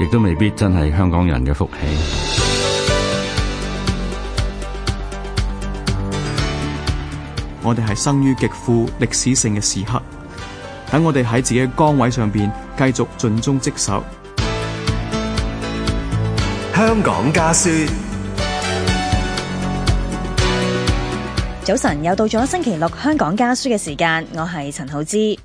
亦都未必真係香港人嘅福氣。我哋係生於極富歷史性嘅時刻，等我哋喺自己嘅崗位上面繼續盡忠職守香。 香港家書，早晨又到咗星期六香港家書嘅時間，我係陳浩之。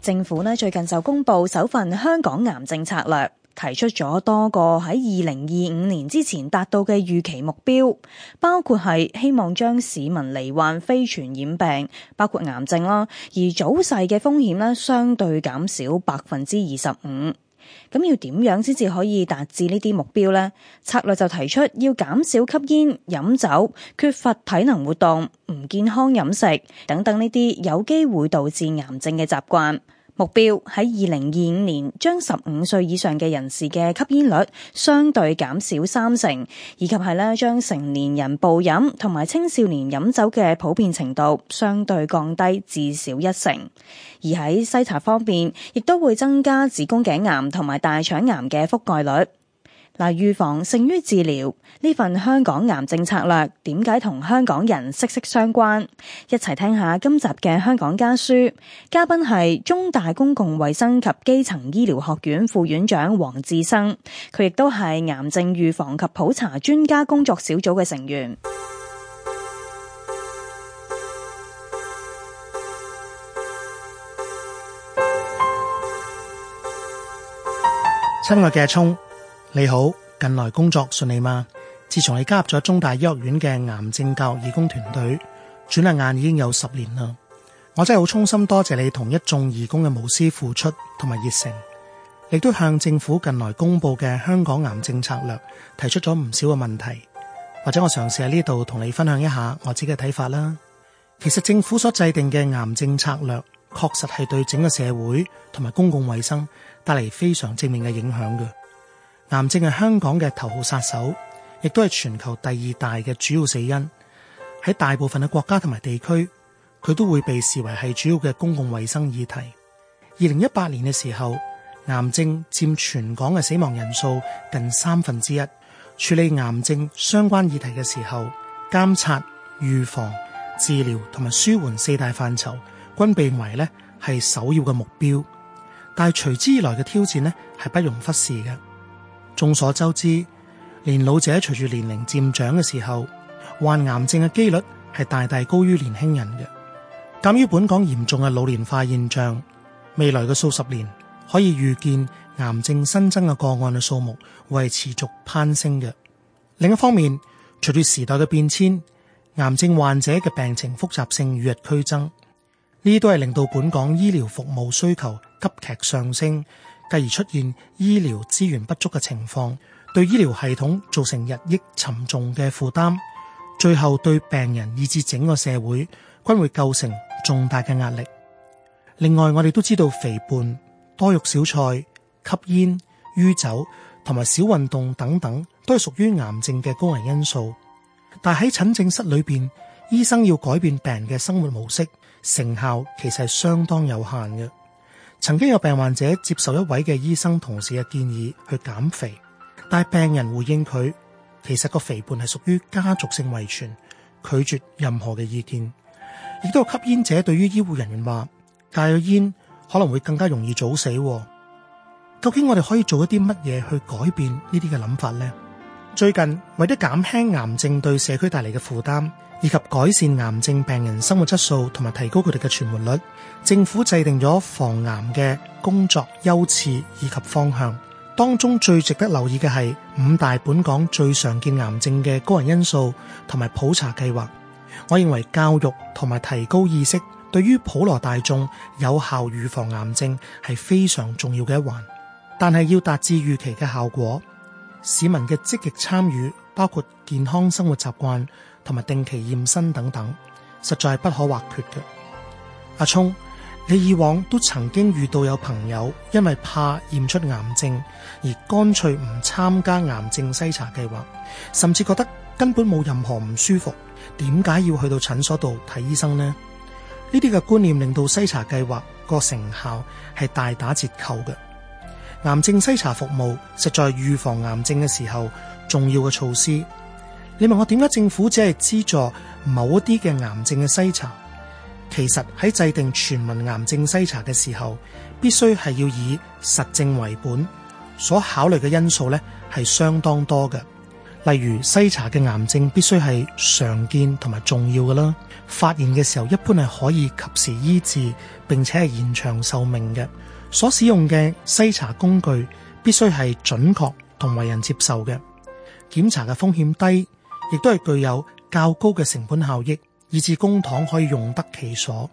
政府呢最近就公布首份香港癌症策略。提出咗多個喺二零二五年之前達到嘅預期目標，包括係希望將市民罹患非傳染病，包括癌症啦，而早逝嘅風險呢，相對減少百分之二十五。咁要點樣先至可以達至呢啲目標呢？策略就提出要減少吸煙、飲酒、缺乏體能活動、唔健康飲食等等呢啲有機會導致癌症嘅習慣。目標喺二零二五年將十五歲以上嘅人士嘅吸煙率相對減少三成，以及係咧將成年人暴飲同埋青少年飲酒嘅普遍程度相對降低至少一成，而喺篩查方面亦都會增加子宮頸癌同埋大腸癌嘅覆蓋率。嗱，預防勝於治療。呢份香港癌症策略點解同香港人息息相關？一齊聽下今集嘅香港家書。嘉賓係中大公共衛生及基層醫療學院副院長黃至生，佢亦都係癌症預防及普查專家工作小組嘅成員。親愛嘅聰。你好，近來工作順利嗎？自從你加入咗中大醫學院嘅癌症教育義工團隊，轉眼間已經有十年啦。我真係好衷心多謝你同一眾義工嘅無私付出同埋熱誠，亦都向政府近來公布嘅香港癌症策略提出咗唔少嘅問題。或者我嘗試喺呢度同你分享一下我自己嘅睇法啦。其實政府所制定嘅癌症策略確實係對整個社會同埋公共衛生帶嚟非常正面嘅影響嘅。癌症係香港嘅頭號殺手，亦都係全球第二大嘅主要死因。喺大部分嘅國家同埋地區，佢都會被視為係主要嘅公共衛生議題。二零一八年嘅時候，癌症佔全港嘅死亡人數近三分之一。處理癌症相關議題嘅時候，監察、預防、治療同埋舒緩四大範疇，均被認為咧係首要嘅目標。但係隨之而來嘅挑戰呢係不容忽視嘅。眾所周知，年老者隨住年齡漸長嘅時候，患癌症嘅幾率係大大高於年輕人嘅。鑒於本港嚴重嘅老年化現象，未來嘅數十年可以預見，癌症新增嘅個案嘅數目會係持續攀升嘅。另一方面，隨住時代嘅變遷，癌症患者嘅病情複雜性與日俱增，呢都係令到本港醫療服務需求急劇上升。繼而出現醫療資源不足嘅情況，對醫療系統造成日益沉重嘅負擔，最後對病人以至整個社會均會構成重大嘅壓力。另外，我哋都知道肥胖、多肉少菜、吸煙、酗酒同埋少運動等等，都係屬於癌症嘅高危因素。但喺診症室裏邊，醫生要改變病人嘅生活模式，成效其實係相當有限嘅。曾經有病患者接受一位嘅醫生同事嘅建議去減肥，但係病人回應佢，其實個肥胖係屬於家族性遺傳，拒絕任何嘅意見。亦都有吸煙者對於醫護人員話戒咗煙可能會更加容易早死。究竟我哋可以做一啲乜嘢去改變呢啲嘅諗法呢？最近為咗減輕癌症對社區帶嚟嘅負擔，以及改善癌症病人生活質素，同埋提高佢哋嘅存活率，政府制定咗防癌嘅工作優次以及方向。當中最值得留意嘅係五大本港最常見癌症嘅高危因素同埋普查計劃。我認為教育同埋提高意識，對於普羅大眾有效預防癌症係非常重要嘅一環。但係要達至預期嘅效果。市民嘅積極參與，包括健康生活習慣同埋定期驗身等等，實在不可或缺嘅。阿、啊、聰，你以往都曾經遇到有朋友因為怕驗出癌症而乾脆唔參加癌症篩查計劃，甚至覺得根本冇任何唔舒服，點解要去到診所度睇醫生呢？呢啲嘅觀念令到篩查計劃個成效係大打折扣嘅。癌症篩查服務實在預防癌症嘅時候重要嘅措施。你問我點解政府只係資助某一啲嘅癌症嘅篩查？其實喺制定全民癌症篩查嘅時候，必須係要以實證為本，所考慮嘅因素咧係相當多嘅。例如篩查嘅癌症必須係常見同埋重要嘅啦，發現嘅時候一般係可以及時醫治，並且係延長壽命嘅。所使用嘅篩查工具必須係準確同為人接受嘅，檢查嘅風險低，亦都係具有較高嘅成本效益，以致公帑可以用得其所。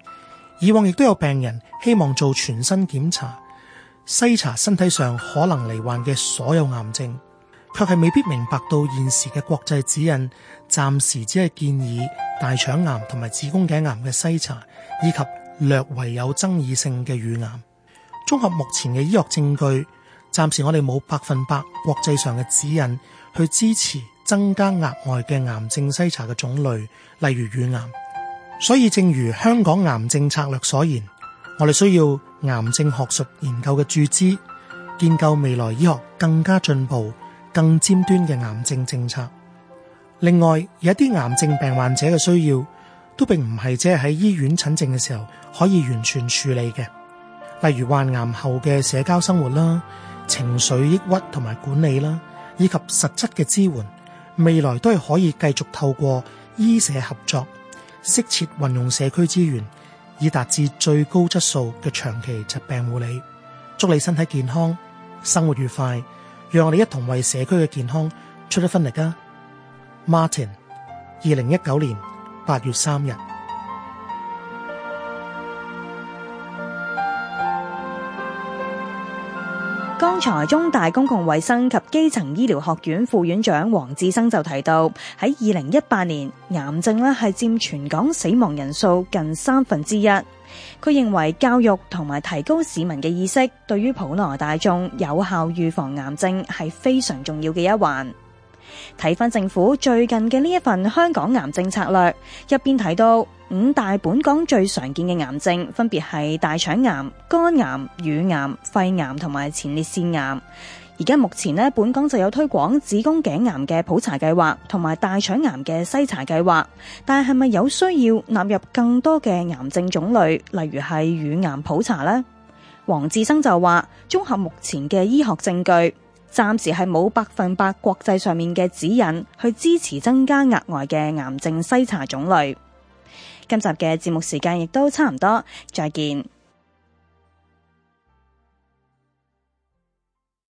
以往亦都有病人希望做全身檢查，篩查身體上可能罹患嘅所有癌症，卻係未必明白到現時嘅國際指引，暫時只係建議大腸癌同埋子宮頸癌嘅篩查，以及略為有爭議性嘅乳癌。綜合目前嘅醫學證據，暫時我哋冇百分百國際上嘅指引去支持增加額外嘅癌症篩查嘅種類，例如乳癌。所以，正如香港癌症策略所言，我哋需要癌症學術研究嘅注資，建構未來醫學更加進步、更尖端嘅癌症政策。另外，有一啲癌症病患者嘅需要，都並唔係淨係喺醫院診症嘅時候可以完全處理嘅。例如患癌後嘅社交生活啦、情緒抑鬱同埋管理啦，以及實質嘅支援，未來都係可以繼續透過醫社合作，適切運用社區資源，以達至最高質素嘅長期疾病護理。祝你身體健康，生活愉快，讓我哋一同為社區嘅健康出一分力啊！Martin，二零一九年八月三日。剛才中大公共衛生及基層醫療學院副院長黃至生就提到，喺二零一八年，癌症咧係佔全港死亡人數近三分之一。佢認為教育同埋提高市民嘅意識，對於普羅大眾有效預防癌症係非常重要嘅一環。睇翻政府最近嘅呢一份香港癌症策略，入邊提到五大本港最常見嘅癌症分別係大腸癌、肝癌、乳癌、肺癌同埋前列腺癌。而家目前呢，本港就有推廣子宮頸癌嘅普查計劃同埋大腸癌嘅篩查計劃，但係咪有需要納入更多嘅癌症種類，例如係乳癌普查呢？黃至生就話：綜合目前嘅醫學證據。暫時係冇百分百國際上面嘅指引去支持增加額外嘅癌症篩查種類。今集嘅節目時間亦都差唔多，再見。